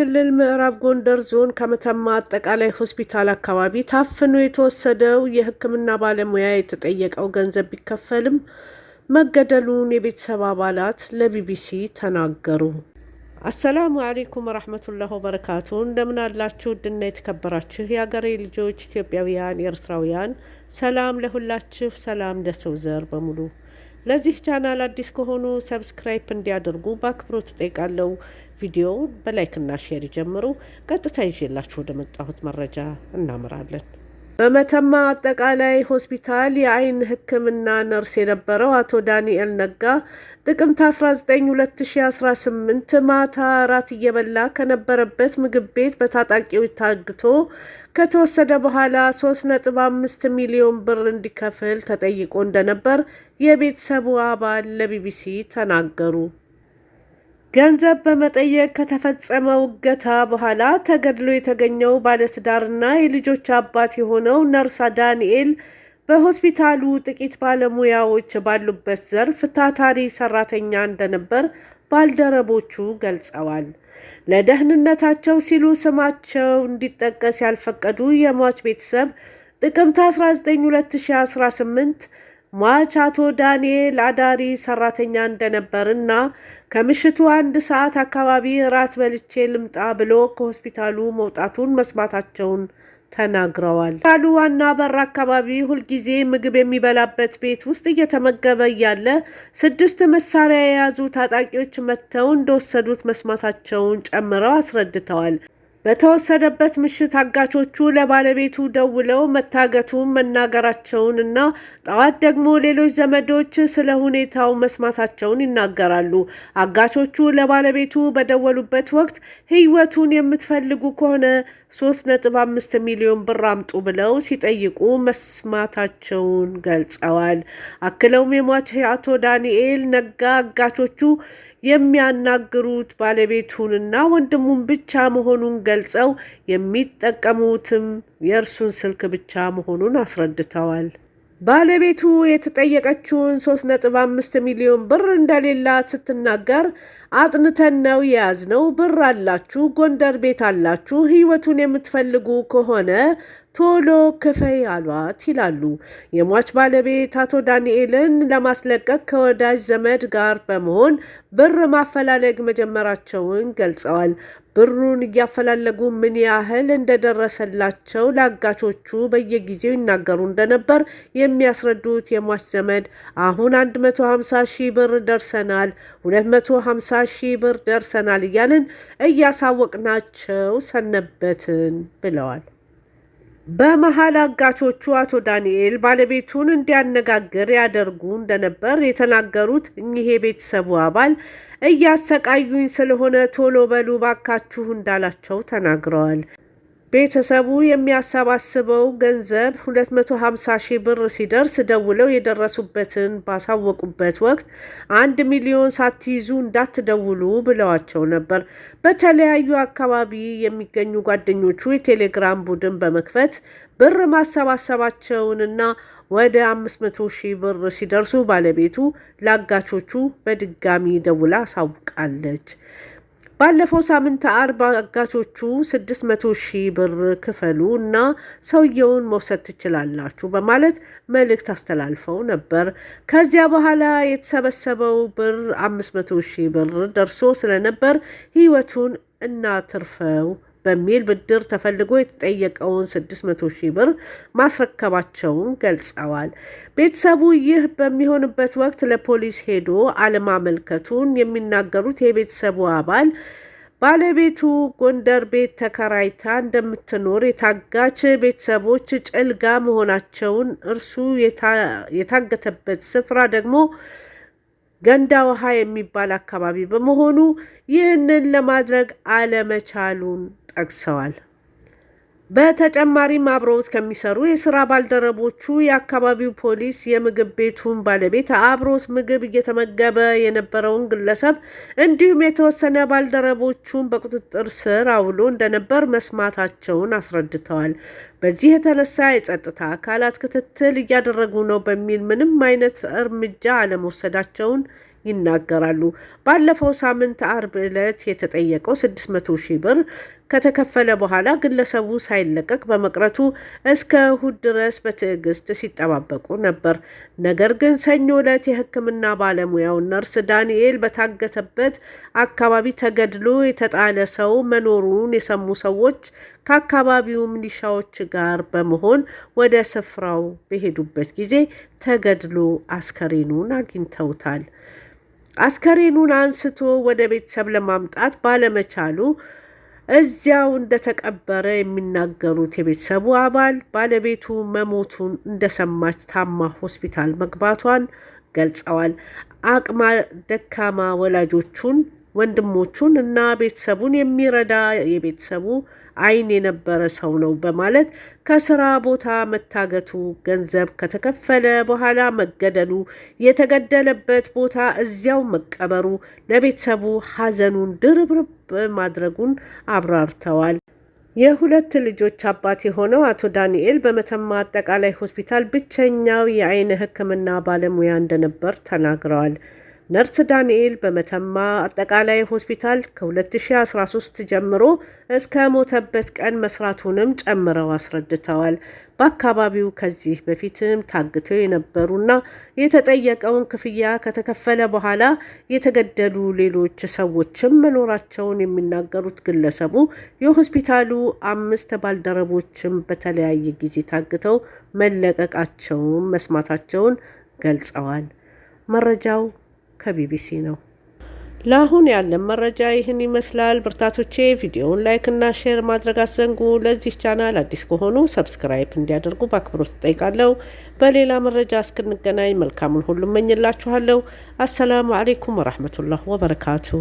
ክልል ምዕራብ ጎንደር ዞን ከመተማ አጠቃላይ ሆስፒታል አካባቢ ታፍኖ የተወሰደው የሕክምና ባለሙያ የተጠየቀው ገንዘብ ቢከፈልም መገደሉን የቤተሰብ አባላት ለቢቢሲ ተናገሩ። አሰላሙ አሌይኩም ወረሕመቱላህ ወበረካቱ። እንደምን አላችሁ ውድና የተከበራችሁ የሀገሬ ልጆች ኢትዮጵያውያን፣ ኤርትራውያን፣ ሰላም ለሁላችሁ፣ ሰላም ለሰው ዘር በሙሉ። ለዚህ ቻናል አዲስ ከሆኑ ሰብስክራይብ እንዲያደርጉ በአክብሮት እጠይቃለሁ። ቪዲዮውን በላይክና ሼር ጀምሩ። ቀጥታ ይዤላችሁ ወደ መጣሁት መረጃ እናምራለን። በመተማ አጠቃላይ ሆስፒታል የአይን ሕክምና ነርስ የነበረው አቶ ዳንኤል ነጋ ጥቅምት 19 2018 ማታ እራት እየበላ ከነበረበት ምግብ ቤት በታጣቂዎች ታግቶ ከተወሰደ በኋላ 3.5 ሚሊዮን ብር እንዲከፍል ተጠይቆ እንደነበር የቤተሰቡ አባል ለቢቢሲ ተናገሩ። ገንዘብ በመጠየቅ ከተፈጸመው እገታ በኋላ ተገድሎ የተገኘው ባለትዳርና የልጆች አባት የሆነው ነርሳ ዳንኤል በሆስፒታሉ ጥቂት ባለሙያዎች ባሉበት ዘርፍ ታታሪ ሰራተኛ እንደነበር ባልደረቦቹ ገልጸዋል። ለደህንነታቸው ሲሉ ስማቸው እንዲጠቀስ ያልፈቀዱ የሟች ቤተሰብ ጥቅምት 19 2018 ሟች አቶ ዳንኤል አዳሪ ሰራተኛ እንደነበር ና ከምሽቱ አንድ ሰዓት አካባቢ እራት በልቼ ልምጣ ብሎ ከሆስፒታሉ መውጣቱን መስማታቸውን ተናግረዋል። ሆስፒታሉ ዋና በር አካባቢ ሁልጊዜ ምግብ የሚበላበት ቤት ውስጥ እየተመገበ እያለ ስድስት መሳሪያ የያዙ ታጣቂዎች መጥተው እንደወሰዱት መስማታቸውን ጨምረው አስረድተዋል። በተወሰደበት ምሽት አጋቾቹ ለባለቤቱ ደውለው መታገቱን መናገራቸውን እና ጠዋት ደግሞ ሌሎች ዘመዶች ስለ ሁኔታው መስማታቸውን ይናገራሉ። አጋቾቹ ለባለቤቱ በደወሉበት ወቅት ሕይወቱን የምትፈልጉ ከሆነ 3.5 ሚሊዮን ብር አምጡ ብለው ሲጠይቁ መስማታቸውን ገልጸዋል። አክለውም የሟች አቶ ዳንኤል ነጋ አጋቾቹ የሚያናግሩት ባለቤቱንና ወንድሙን ብቻ መሆኑን ገልጸው የሚጠቀሙትም የእርሱን ስልክ ብቻ መሆኑን አስረድተዋል። ባለቤቱ የተጠየቀችውን 3.5 ሚሊዮን ብር እንደሌላት ስትናገር አጥንተን ነው የያዝነው፣ ብር አላችሁ፣ ጎንደር ቤት አላችሁ፣ ህይወቱን የምትፈልጉ ከሆነ ቶሎ ክፈይ አሏት ይላሉ። የሟች ባለቤት አቶ ዳንኤልን ለማስለቀቅ ከወዳጅ ዘመድ ጋር በመሆን ብር ማፈላለግ መጀመራቸውን ገልጸዋል። ብሩን እያፈላለጉ ምን ያህል እንደደረሰላቸው ለአጋቾቹ በየጊዜው ይናገሩ እንደነበር የሚያስረዱት የሟች ዘመድ አሁን 150 ሺህ ብር ደርሰናል፣ 250 ሺህ ብር ደርሰናል እያልን እያሳወቅናቸው ሰነበትን ብለዋል። በመሀል አጋቾቹ አቶ ዳንኤል ባለቤቱን እንዲያነጋግር ያደርጉ እንደነበር የተናገሩት እኚህ የቤተሰቡ አባል እያሰቃዩኝ ስለሆነ ቶሎ በሉ ባካችሁ እንዳላቸው ተናግረዋል። ቤተሰቡ የሚያሰባስበው ገንዘብ 250 ሺህ ብር ሲደርስ ደውለው የደረሱበትን ባሳወቁበት ወቅት አንድ ሚሊዮን ሳትይዙ እንዳትደውሉ ብለዋቸው ነበር። በተለያዩ አካባቢ የሚገኙ ጓደኞቹ የቴሌግራም ቡድን በመክፈት ብር ማሰባሰባቸውንና ወደ 500 ሺህ ብር ሲደርሱ ባለቤቱ ላጋቾቹ በድጋሚ ደውላ አሳውቃለች። ባለፈው ሳምንት አርብ አጋቾቹ 600 ሺህ ብር ክፈሉ እና ሰውየውን መውሰድ ትችላላችሁ በማለት መልእክት አስተላልፈው ነበር። ከዚያ በኋላ የተሰበሰበው ብር 500 ሺህ ብር ደርሶ ስለነበር ህይወቱን እናትርፈው በሚል ብድር ተፈልጎ የተጠየቀውን 600 ሺህ ብር ማስረከባቸውን ገልጸዋል። ቤተሰቡ ይህ በሚሆንበት ወቅት ለፖሊስ ሄዶ አለማመልከቱን የሚናገሩት የቤተሰቡ አባል ባለቤቱ ጎንደር ቤት ተከራይታ እንደምትኖር የታጋች ቤተሰቦች ጭልጋ መሆናቸውን፣ እርሱ የታገተበት ስፍራ ደግሞ ገንዳ ውሃ የሚባል አካባቢ በመሆኑ ይህንን ለማድረግ አለመቻሉን ጠቅሰዋል። በተጨማሪም አብረውት ከሚሰሩ የስራ ባልደረቦቹ የአካባቢው ፖሊስ የምግብ ቤቱን ባለቤት፣ አብሮት ምግብ እየተመገበ የነበረውን ግለሰብ እንዲሁም የተወሰነ ባልደረቦቹን በቁጥጥር ስር አውሎ እንደነበር መስማታቸውን አስረድተዋል። በዚህ የተነሳ የጸጥታ አካላት ክትትል እያደረጉ ነው በሚል ምንም አይነት እርምጃ አለመውሰዳቸውን ይናገራሉ። ባለፈው ሳምንት አርብ ዕለት የተጠየቀው 600 ሺህ ብር ከተከፈለ በኋላ ግለሰቡ ሳይለቀቅ በመቅረቱ እስከ እሁድ ድረስ በትዕግስት ሲጠባበቁ ነበር። ነገር ግን ሰኞ ዕለት የሕክምና ባለሙያው ነርስ ዳንኤል በታገተበት አካባቢ ተገድሎ የተጣለ ሰው መኖሩን የሰሙ ሰዎች ከአካባቢው ሚሊሻዎች ጋር በመሆን ወደ ስፍራው በሄዱበት ጊዜ ተገድሎ አስከሬኑን አግኝተውታል። አስከሬኑን አንስቶ ወደ ቤተሰብ ለማምጣት ባለመቻሉ እዚያው እንደተቀበረ የሚናገሩት የቤተሰቡ አባል ባለቤቱ መሞቱን እንደሰማች ታማ ሆስፒታል መግባቷን ገልጸዋል። አቅማ ደካማ ወላጆቹን ወንድሞቹን እና ቤተሰቡን የሚረዳ የቤተሰቡ አይን የነበረ ሰው ነው በማለት ከስራ ቦታ መታገቱ፣ ገንዘብ ከተከፈለ በኋላ መገደሉ፣ የተገደለበት ቦታ እዚያው መቀበሩ ለቤተሰቡ ሐዘኑን ድርብርብ ማድረጉን አብራርተዋል። የሁለት ልጆች አባት የሆነው አቶ ዳንኤል በመተማ አጠቃላይ ሆስፒታል ብቸኛው የአይን ሕክምና ባለሙያ እንደነበር ተናግረዋል። ነርስ ዳንኤል በመተማ አጠቃላይ ሆስፒታል ከ2013 ጀምሮ እስከ ሞተበት ቀን መስራቱንም ጨምረው አስረድተዋል። በአካባቢው ከዚህ በፊትም ታግተው የነበሩና የተጠየቀውን ክፍያ ከተከፈለ በኋላ የተገደሉ ሌሎች ሰዎችም መኖራቸውን የሚናገሩት ግለሰቡ የሆስፒታሉ አምስት ባልደረቦችም በተለያየ ጊዜ ታግተው መለቀቃቸውን መስማታቸውን ገልጸዋል። መረጃው ከቢቢሲ ነው። ለአሁን ያለን መረጃ ይህን ይመስላል። ብርታቶቼ ቪዲዮውን ላይክ እና ሼር ማድረግ አትዘንጉ። ለዚህ ቻናል አዲስ ከሆኑ ሰብስክራይብ እንዲያደርጉ በአክብሮት እጠይቃለሁ። በሌላ መረጃ እስክንገናኝ መልካሙን ሁሉ እመኝላችኋለሁ። አሰላሙ አሌይኩም ወራህመቱላህ ወበረካቱሁ